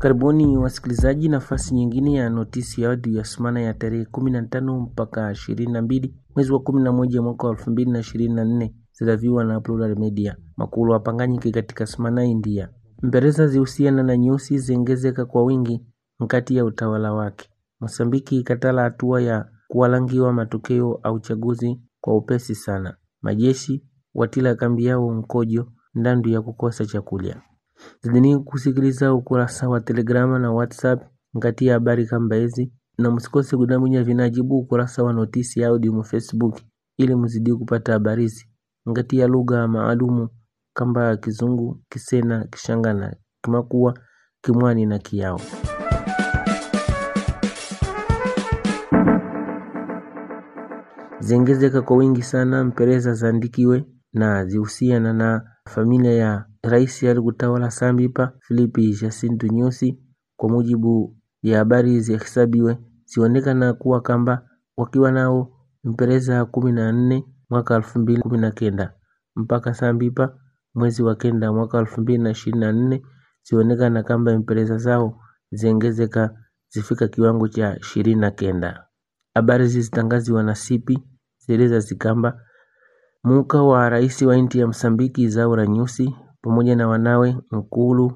Karibuni wasikilizaji, nafasi nyingine ya notisi ya audio ya semana ya tarehe 15 mpaka 22 mwezi wa 11 mwaka wa 2024 zitaviwa na Plural Media. Makulu apanganyike katika semana india, mpereza zihusiana na nyeusi ziengezeka kwa wingi mkati ya utawala wake. Mosambiki ikatala hatua ya kuwalangiwa matokeo au chaguzi kwa upesi sana. Majeshi watila kambi yao mkojo ndandu ya kukosa chakulya. Zidini kusikiliza ukurasa wa telegrama na whatsapp ya habari kamba hizi na msikose kudamunya vinajibu ukurasa wa notisi audio mu Facebook ili muzidi kupata habari hizi ya lugha maalumu kamba Kizungu, Kisena, Kishangana, Kimakua, Kimwani na Kiyao. ziengezeka kwa wingi sana, mpereza zaandikiwe na zihusiana na familia ya Rais alikutawala sambipa Philip Jacinto Nyusi kwa mujibu ya habari zihesabiwe zionekana kuwa kamba wakiwa nao mpereza kumi na nne mwaka elfu mbili kumi na kenda mpaka sambipa mwezi wa kenda mwaka elfu mbili na ishirini na nne mpereza zao ziongezeka zifika kiwango cha ishirini na kenda. Habari zilizotangaziwa na Sipi zieleza zikamba muka wa rais wa inti ya Msambiki Zaura Nyusi pamoja na wanawe Nkulu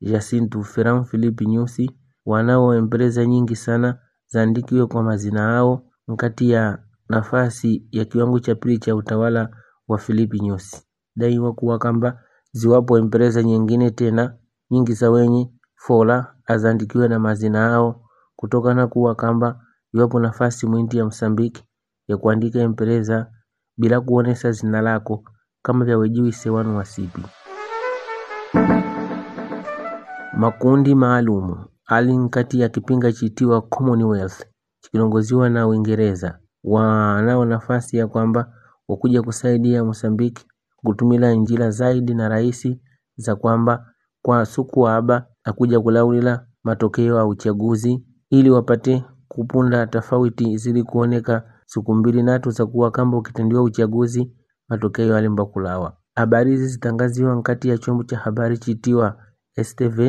Jacinto Ferran Philip Nyusi wanao empresa nyingi sana zaandikiwe kwa mazina yao nkati ya nafasi ya kiwango cha pili cha utawala wa Philip Nyusi. Daiwa kuwa kamba ziwapo empresa nyingine tena nyingi za wenye fola azaandikiwe na mazina yao kutokana kuwa kamba iwapo nafasi mwindi ya Msambiki ya kuandika empresa bila kuonesa zina lako kama wejiwi sewanu wasipi Makundi maalumu ali kati ya kipinga chiitwa Commonwealth chikiongozwa na Uingereza wanao nafasi ya kwamba wakuja kusaidia Mosambiki kutumila njira zaidi na rahisi za kwamba kwa suku aba akuja kulaulila matokeo a uchaguzi ili wapate kupunda tofauti zili kuoneka suku mbili natu za kuwa kamba ukitendiwa uchaguzi matokeo kulawa Habari hizi zitangaziwa nkati ya chombo cha habari chitiwa STV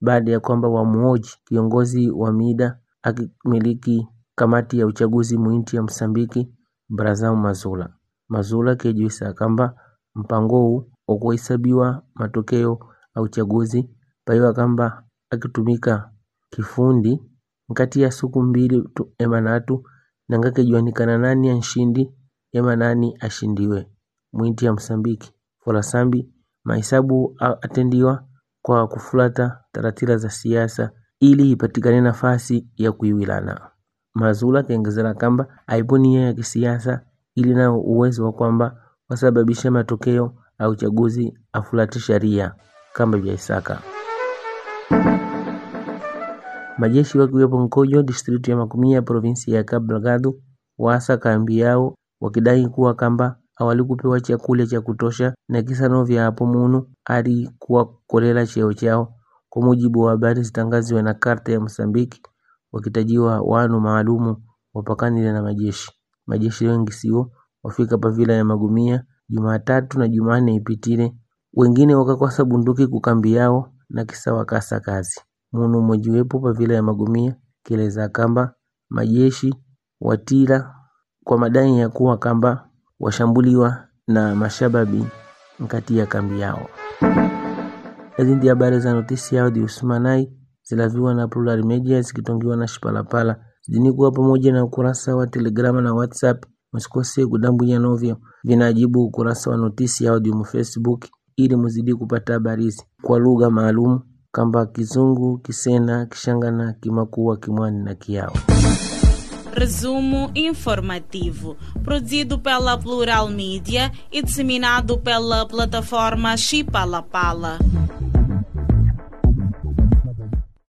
baada ya kwamba Wamuoji kiongozi wa mida akimiliki kamati ya uchaguzi mu ya Msambiki Brazao Mazula Mazula kejuisa kamba mpangowu okuhesabiwa matokeo a uchaguzi paiwa kamba akitumika kifundi nkati ya suku mbili emanatu nanga kejuwanikana nani ya ema nani ashindiwe mu ya Msambiki Sambi mahesabu atendiwa kwa kufuata taratibu za siasa ili ipatikane nafasi ya kuiwilana. Mazula akaongezea kamba haipo nia ya kisiasa ili nao uwezo wa kwamba wasababisha matokeo au uchaguzi afuate sharia kama isaka Majeshi wakiwepo Mkojo distrikti ya Makumia provinsi ya Cabo Delgado waasa kambi yao wakidai kuwa kamba hawalikupewa chakula cha kutosha na kisano vya hapo munu halikuwakolela cheo chao, kwa mujibu wa habari zitangaziwe na Karta ya Msambiki wakitajiwa wanu maalumu wapakanile na majeshi. Majeshi wengi siwo wafika pavila ya Magumia Jumatatu na Jumane ipitile, wengine wakakosa bunduki kukambi yao na kisa wakasa kazi munu mwejiwepo pavila ya Magumia kileza kamba majeshi watila kwa madai ya kuwa kamba washambuliwa na mashababi mkati ya kambi yao. Hizi ndio habari za notisi yao di usmanai zilaviwa na Plural Media zikitongiwa na Shipalapala zidini kuwa pamoja na ukurasa wa Telegrama na WhatsApp. Msikose kudambunya novyo vinajibu ukurasa wa notisi yao di Facebook ili mzidi kupata habari hizi kwa lugha maalum kamba Kizungu, Kisena, Kishangana, Kimakua, Kimwani na Kiao. Resumo informativo, produzido pela Plural Mídia e disseminado pela plataforma Chipalapala.